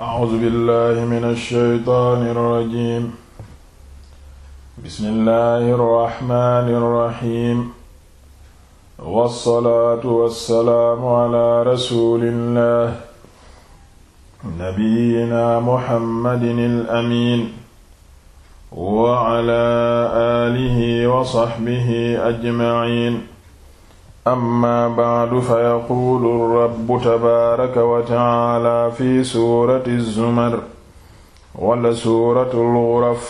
أعوذ بالله من الشيطان الرجيم بسم الله الرحمن الرحيم والصلاة والسلام على رسول الله نبينا محمد الأمين وعلى آله وصحبه أجمعين amma ba'du fa yaquulu rabbu tabaaraka wa ta'aala fi suurati zumar wala suuratul ghuraf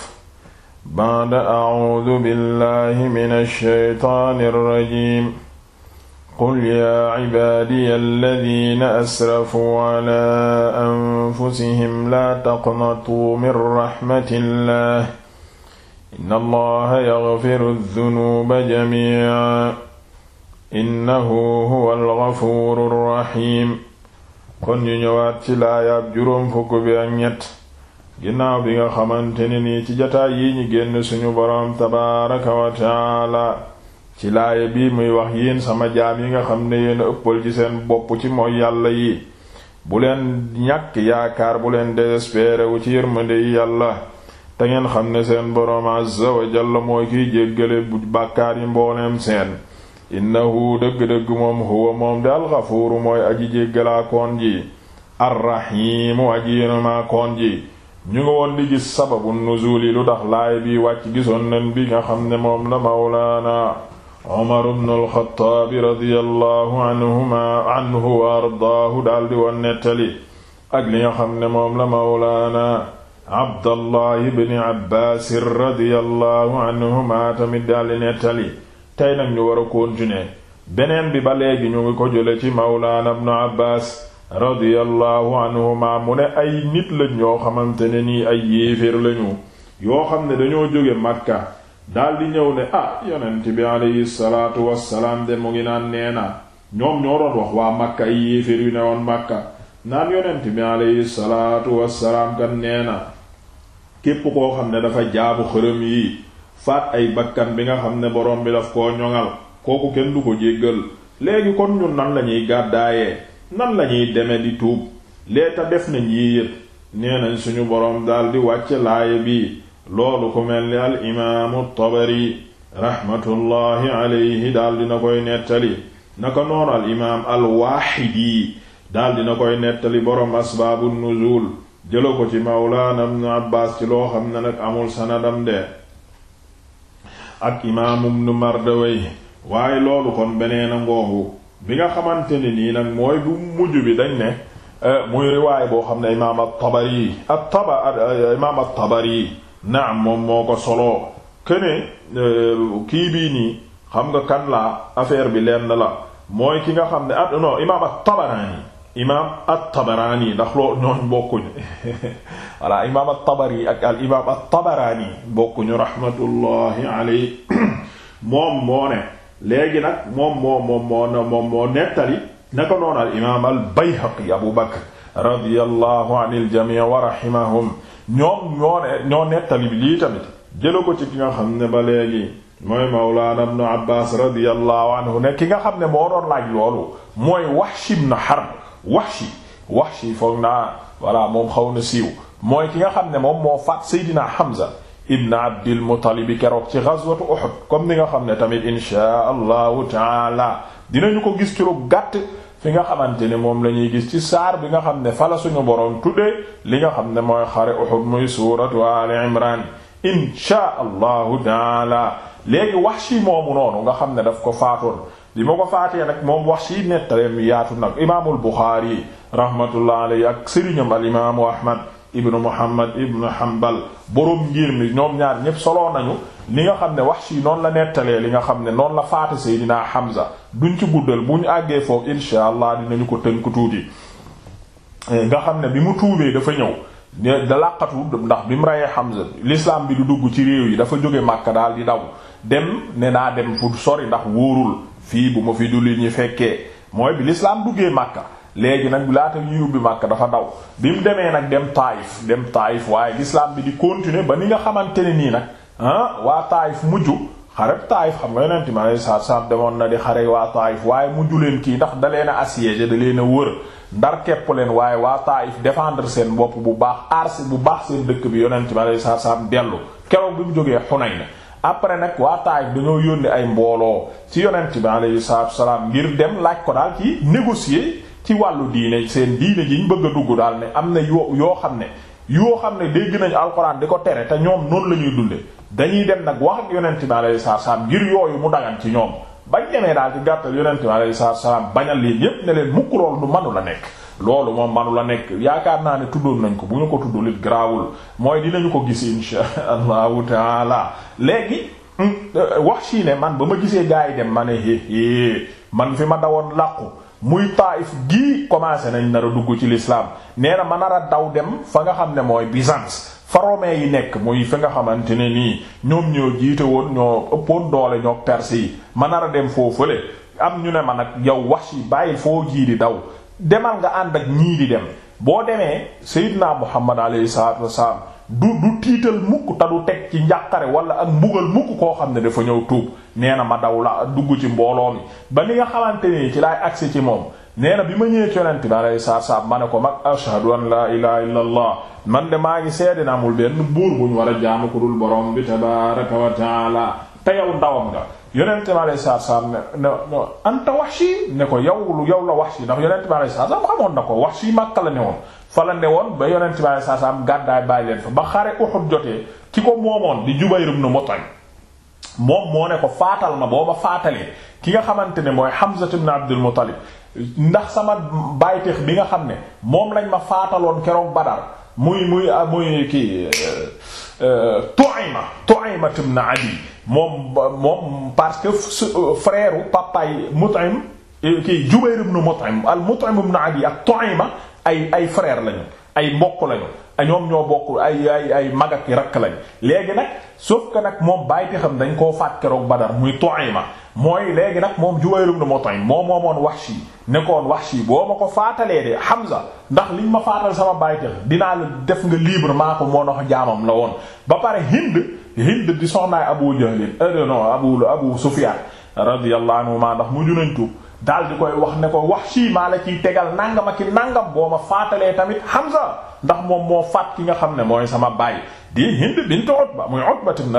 ba'da a'uudu billahi mina shaytaani rajiim qul yaa cibaadiya alladiina asrafuu calaa anfusihim laa taqnatuu min raxmatillaah inna allaha yaghfiru dunuuba jamiican innahu huwa algafuuru kon ñu ñëwaat ci laayaab juróom fukk bi ak ñett ginnaaw bi nga xamante ne nii ci jataay yi ñu génn suñu boroom tabaaraka wa taala ci laaya bi muy wax yéen sama jaam yi nga xam ne yéen ëppal ci seen bopp ci mooy yàlla yi bu leen ñàkk yaakaar bu leen désespéré wu ci yërmande yi yàlla te ngeen xam ne seen boroom azza wa jalla mooy kiy jéggale bu bàkkaar yi mbooleem seen innahu dëgg-dëgg moom huwa moom di alxafuuru mooy aji jéggalaa koon ji arrahimu aji yénumaa ñu ngi woon di gis sababu lu tax laay bi wàcc gisoon nañ bi nga xam ne moom la mawlaana Umar ibn al-Khattab radiyallahu anhuma anhu Abbaas radiyallahu anhuma tamit daldi nettali tey nag ñu war a continuer beneen bi ba léegi ñu ngi ko jële ci mawlaana ibnu abbaas radiyallahu anhuma mu ne ay nit lañ ñoo xamante ne nii ay yéeféer lañu yoo xam ne dañoo jóge makka daldi ñëw ne a ah, yonent bi aleyhi salaatu wassalaam de mu ngi naan nee na ñoom ñoo doon wax waa makka ay yéeféer yu ne woon makka naan yonent bi aleyhi salaatu wassalaam kan nee na képp koo xam ne dafa jaabu xërëm yi faat ay bakkan bi nga xam ne borom bi daf koo ñoŋal kooku kenn du ko jéggal léegi kon ñun nan lañuy gàddaayee nan lañuy deme di tuub leeta def nañ yi nee nañ suñu borom daldi wàcce laaya bi loolu ku mel ni al imaamu tabari raxmatullaahi alayhi daldi na koy nettali naka noonu al imaam al waaxidi daldi na koy nettali boroom asbaabu nuzul jëla ko ci mawlaana ibnu abbaas ci loo xam ne nag amul sanadam de ak imaam ibnu Mardawey waaye loolu kon beneen a ngoogu bi nga xamante ne nii nag mooy bu mujj bi dañ ne eh, muy riwaay boo xam ne imaam at-Tabari at-Taba eh, imaam at-Tabari naam moom moo ko soloo kene eh, kii bii nii xam nga kan la affaire bi lenn la mooy ki nga xam ne ah non imaam at-Tabarani imaam at-Tabaraani ndax loolu ñooñ bokkuñu voilà imaam at-Tabari ak al tabaraani bokkuñu rahmatullahi alayhi moom moo ne léegi nag moom moo moom moo moom moo nettali naka noonu al imaam al-Bayhaqi Abu Bakr radiyallahu anil jamii wa rahimahum ñoom ko ci ki nga xam ne mooy mawlaana ibnu Abbaas radiyallahu anhu ne ki nga xam ne moo doon laaj loolu mooy Wahsh ibn Harb Wahshi Wahshi foog naa voilà moom xaw na siiw mooy ki nga xam ne moom moo faat Seydina Hamza ibn Abdil Muttalib keroog ci ghazwatu Uhud comme ni nga xam ne tamit inshaa allahu taala dinañu ko gis ci lu gàtt fi nga xamante ne moom la ñuy gis ci saar bi nga xam ne fala suñu boroom tuddee li nga xam ne mooy xare Uhud muy suuratu Ali Imran inshaa allahu taala léegi Wahshi moomu noonu nga xam ne daf ko faatoon li ma ko faatee nag moom wax si nettaleem yaatu nag imaamul Buxaari rahmatullah alayhi ak sëriñam al imaamu Ahmad ibnu Muhammad ibnu Hanbal boroom ngir mi ñoom ñaar ñépp solo nañu li nga xam ne wax sii noonu la nettalee li nga xam ne noonu la faata Seydina Hamza duñ ci guddal bu ñu àggee foofu insha allah dinañu ko tënk tuuti eh, nga xam ne bi mu tuubee dafa ñëw da làqatu ndax bi mu reyee Hamza l'islam bi du dugg ci réew yi dafa jóge Makka daal di daw dem ne naa dem fu sori ndax wóorul fii bu ma fi jullit ñi fekkee mooy bi lislaam duggee Makka léegi nag laata yu yubbi Makka dafa daw bi mu demee nag dem Taayif dem Taayif waaye lislaam bi di continuer ba ni nga xamante ne nii nag ah waa Taayif mujj xareb Taayif xam nga yonente ma alayhi salaatu salaam demoon na di xare waa Taayif waaye mujj leen kii ndax da leen a assiégé da leen a wër ndar kepp leen waaye waa Taayif défendre seen bopp bu baax aar bu baax seen dëkk bi yonente mi alayhi salaatu salaam dellu keroog bi mu jógee Xunayn après nag waa Taayif dañoo yónni ay mbooloo ci yonent bi alayhi salaatu salaam ngir dem laaj ko daal ci négocier ci wàllu diine seen diine ji ñu bëgg a dugg daal ne am na yoo yoo xam ne yoo xam ne dégg nañu alxuraan di ko tere te ñoom noonu la ñuy dundee dañuy dem nag wax ak yonent bi alayhi salaatu salaam ngir yooyu mu dagan ci ñoom bañ demee daal ci gàttal yonent bi alayhi salaatu salaam bañal lii yépp ne leen mukk loolu du manu la nekk. loolu moom manu la nekk yaakaar naa ne tuddoon nañ ko bu ñu ko tuddul it garaawul mooy dinañu ko gis insha allahu taala léegi euh, wax sii ne man ba ma gisee gaa yi dem ma ne é man fi ma dawoon làqu muy Taif gii commencé nañ nar dugg ci lislaam nee na ma nar a daw dem fa nga xam ne mooy Byzance fa romain yi nekk muy fi nga xamante ne nii ñoom ñoo jiite woon ñoo ëppoon doole ñoo perse yi ma nar a dem foo fële am ñu ne man ak yow wax si bàyyi foo jii di daw demal nga ànd ak ñii di dem boo demee Seydina Muhammad alayhi salaatu wasalaam du du tiital mukk te du teg ci njàqare wala ak mbugal mukk koo xam ne dafa ñëw tuub nee na ma daw la dugg ci mbooloo mi ba ni nga xamante ni ci laay agsi ci moom nee bi ma ñëwee ci yonent bi alayhi salaatu ma ne ko mag ashhadu an laa ilaha illa allah man de maa ngi seede naa mul benn buur buñ wala a jaamu ku borom bi tabaraka wa taala te yow ndawam nga yonent bi alayhi salaatu salaam ne ne anta Wahshi ne ko yow yow la Wahshi ndax yonent bi alayhi salaatu salaam xamoon na ko Wahshi Makka la ne woon fa la ne woon ba yonent bi alayhi salaatu salaam gàddaay bàyyi leen fa ba xare Uhud jotee ki ko moomoon di Jubayr ibn Mut'im moom moo ne ko faatal ma boo ma faatalee ki nga xamante ne mooy Hamza ibn Abdul Muttalib ndax sama bayteex bi nga xam ne moom lañ ma faataloon keroog Badar muy muy muy kii Tu'ayma Tu'ayma ibn Adi moom moom parce que euh, frère papaay Mut'im euh, kii Jubayr ibn Mut'im al Mut'im ibn Adi ak Tu'ayma ay ay frère lañu ay mbokk lañu ñoom ñoo bokk ay ay ay mag ak rakk lañ léegi nag sauf que nag moom bàyti xam dañ koo faat keroog Badar muy Tu'ayma mooy léegi nag moom Juwayr ibn Mut'im moom moomoon Wahshi nekkoon Wahshi boo ma ko faatalee de Hamza ndax liñ ma faatal sama bàyti dinaa la def nga libre maa ko moo dox jaamam la woon ba pare Hind Hind di soxnaay Abu Jahl euh, non Abu Abu Sufyan radiyallahu anhu maa ndax mu nañ tuub daal di koy wax ne ko Wahshi maa la ciy tegal nangam ak nàngam boo ma faatalee tamit Hamza ndax moom moo faat ki nga xam ne mooy sama baay di Hind bint Utba muy Utba ibn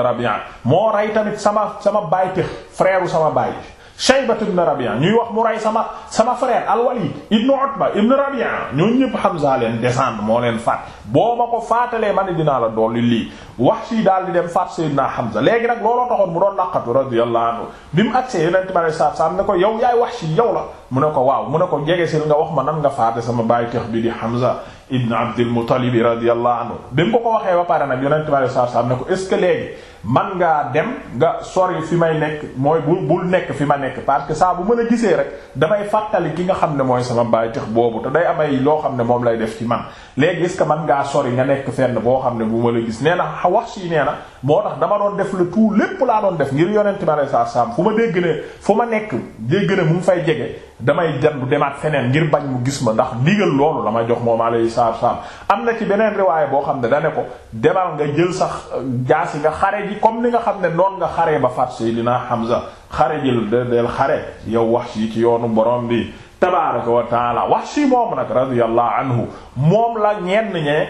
moo rey tamit sama sama baay te frère sama baay Shaybat ibn Rabi'a ñuy wax mu ray sama sama frère al-Walid ibn Utba ibn Rabi'a ñoo ñëpp Hamza leen descendre moo leen faat boo ma ko faatalee ma ne dinaa la dolli lii Wahshi daal di dem faat Sayyidina Hamza léegi nag looloo taxoon mu doon laqatu radiyallahu anhu bi mu agsee Yonent bi saa saa ne ko yow yaay Wahshi yow la mu ne ko waaw mu ne ko jege si nga wax ma nan nga faate sama bàyyi teex bi di Hamza ibn Abdul Muttalib radiyallahu anhu bi mu ko ko waxee ba pare nag yonent bi sallallahu alayhi wasallam ne ko est ce que léegi man ngaa dem nga sori fi may nekk mooy bu bul nekk fi ma nekk parce que saa bu mën a gisee rek damay fàttali ki nga xam ne mooy sama bàyyi tax boobu te day amay loo xam ne moom lay def ci man léegi est ce que man ngaa sori nga nekk fenn boo xam ne bu ma la gis nee na wax si nee na moo tax dama doon def le tout lépp laa doon def ngir yonent bi sallallahu alayhi wasallam fu ma dégg ne fu ma nekk dégg ne mu fay jege damay jandu demaat feneen ngir bañ mu gis ma ndax ndigal loolu la ma jox moom alayhi salaatu wa am na ci beneen riwaay boo xam ne da ne ko demal nga jël sax jaasi nga xare ji comme ni nga xam ne noon nga xare ba faat Seydina Hamza xare jël del xare yow wax yi ci yoonu borom bi tabaaraka wa taala wax si moom nag radiyallahu anhu moom la ñenn ñee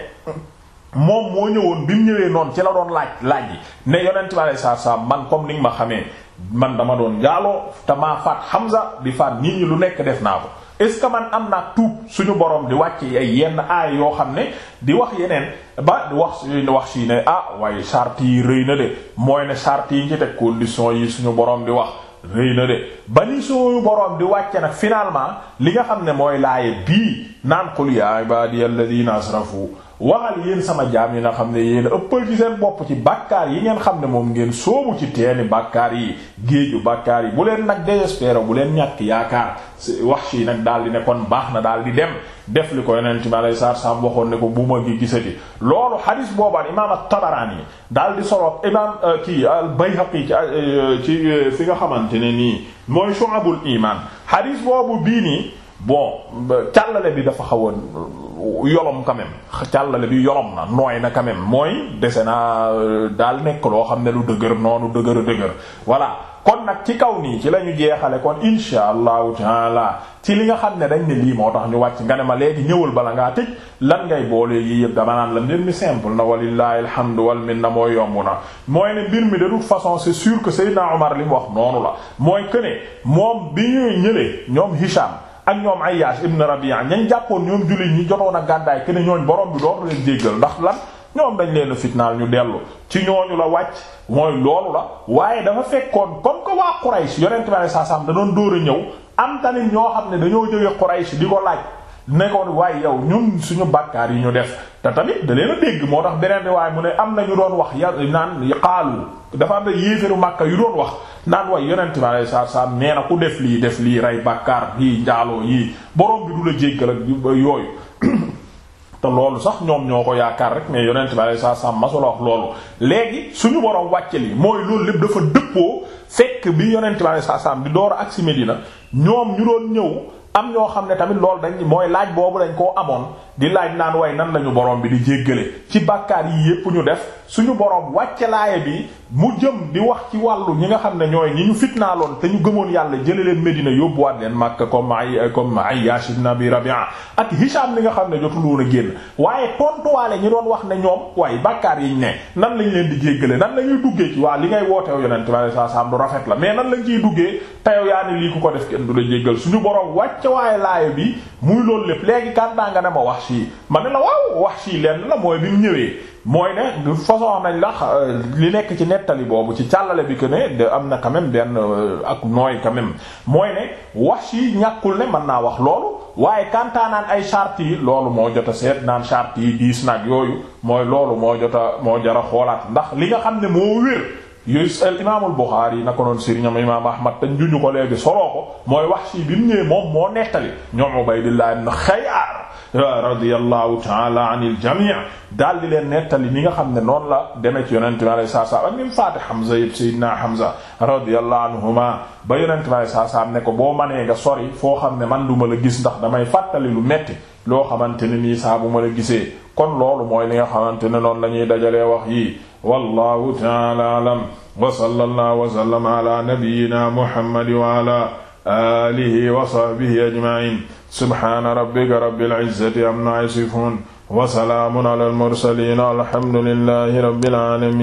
moom moo ñëwoon bi mu ñëwee noonu ci la doon laaj laaj yi ne yonent bi alayhi salaatu wa man comme ni nga ma xamee man dama doon jaaloo te maa faat Hamza di faat nit ñi lu nekk def naa ko est ce que man am naa tuub suñu borom di wàcc ay yenn aay yoo xam ne di wax yeneen ba wax wax si ne ah waaye charte yi rëy na de mooy ne charte yi ñu ci yi suñu borom di wax rëy na de ba ni suñu borom di wàcce nag finalement li nga xam ne mooy laaye bii naan qul ya ibadiy alladhina asrafu waxal yéen sama jaam yi nga xam ne yéen ëppal ci seen bopp ci bàkkaar yi ngeen xam ne moom ngeen sóobu ci teeni bàkkaar yi géeju bàkkaar yi bu leen nag désespérer bu leen ñàkk yaakaar wax yi nag daal di nekkoon baax na daal di dem def li ko yonent bi alayhi salaatu salaam waxoon ne ko bu ma gi gisati loolu xadis boobaan imaam at yi daal di solo imaam euh, kii al yi ci euh, euh, fi nga xamante ne nii mooy Shu'abul Iman xadis boobu bii nii bon càllale bi dafa xawoon yolom quand même càllale bi yolom na nooy na quand même mooy dese naa daal nekk loo xam ne lu dëgër noonu dëgër dëgër voilà kon nag ci kaw nii ci la ñu jeexale kon insha allahu taala ci li nga xam ne dañ ne lii moo tax ñu wàcc nga ne ma léegi ñëwal bala ngaa tëj lan ngay boole yi yëpp dama naan la mbir mi simple na walillahi alhamdu wal minna mooy yomb na mooy ne mbir mi de toute façon c'est sûr que Seydina Omar li mu wax noonu la mooy que moom bi ñuy ak ñoom Ayyash ibn Rabi'a ñañ jàppoon ñoom jullit ñi jotoon a gàddaay ke ne ñooñ borom bi dootu leen jéggal ndax lan ñoom dañ leen fitnaal ñu dellu ci ñooñu la wàcc mooy loolu la waaye dafa fekkoon comme que waa Quraysh yore bi alayhi salaam da doon dóor a ñëw am tamit ñoo xam ne dañoo jóge Quraysh di ko laaj ne ko waaye yow ñun suñu bàkkaar yi ñu def te tamit da leen dégg moo tax beneen riwaay mu ne am na ñu doon wax ya naan xaalu dafa am na yéeféru Makka yu doon wax naan way yonent bi alayhi salaatu salaam nee na ku def lii def lii rey bàkkaar yii njaaloo yii borom bi du la jéggal ak yooyu te loolu sax ñoom ñoo ko yaakaar rek mais yonent bi alayhi salaatu salaam masula wax loolu léegi suñu borom wàcce li mooy loolu lépp dafa dëppoo fekk bi yonent bi alayhi salaatu salaam di door ak agsi Medina ñoom ñu doon ñëw am ñoo xam ne tamit loolu dañ mooy laaj boobu dañ koo amoon di laaj naan waaye nan lañu borom bi di jéggale ci bàkkaar yii yépp ñu def suñu borom wàcce laaya bi mu jëm di wax ci wàllu ñi nga xam ne ñooy ñi ñu fitnaaloon te ñu gëmoon yàlla jële leen Medina waa leen Makka comme ay comme Ayyash ibn Abi Rabi'a ak Hisham li nga xam ne jotul woon a génn waaye tontuwaale ñi doon wax ne ñoom waaye bàkkaar yiñ ne nan lañ leen di jéggale nan la ñuy duggee ci li ngay wootew yonent bi sallallahu alayhi wasallam rafet la mais nan lañ ciy duggee te yow yaa ne lii ko def kenn du la jéggal suñu borom wàcce waaye laayo bi muy loolu lépp léegi kàntaa nga ne ma wax sii ma ne la waaw wax sii lenn la mooy bi mu ñëwee mooy ne de façon nañ la li nekk ci nettali boobu ci càllale bi que ne de am na quand benn euh, ak nooy quand mooy ne wax sii ñàkkul ne mën naa wax loolu waaye kàntaa naan ay charte yi loolu moo jot a seet naan charte yi diis nag yooyu mooy loolu moo jot a moo jar a xoolaat ndax li nga xam ne moo wér yu al imaamul Buxaari yi nako noon sëriñam imaam Ahmad te juñu ko léegi soloo ko mooy Wahshi bi mu ñëwee moom moo nettali ñoom Ubaydillah ibn Xayyaar radiyallahu ta'ala anil jami' daal di leen nettali ñi nga xam ne noonu la demee ci yonente mi alayhi salaam ak ni mu faate Hamza yëpp Seydina Hamza radiyallahu anhuma ba yonente mi alayhi salaam ne ko boo manee nga sori foo xam ne man du ma la gis ndax damay fàttali lu metti loo xamante ne nii saa bu ma la gisee kon loolu mooy li nga xamante ne noonu la ñuy dajalee wax yii wallahu ta'ala a'lam wa sallallahu wa sallama ala nabiyyina muhammad wa ala alihi wa sahbihi ajma'in subhana rabbika rabbil izzati amma yasifun wa salaamun ala al mursalin alhamdulillahi rabbil alamin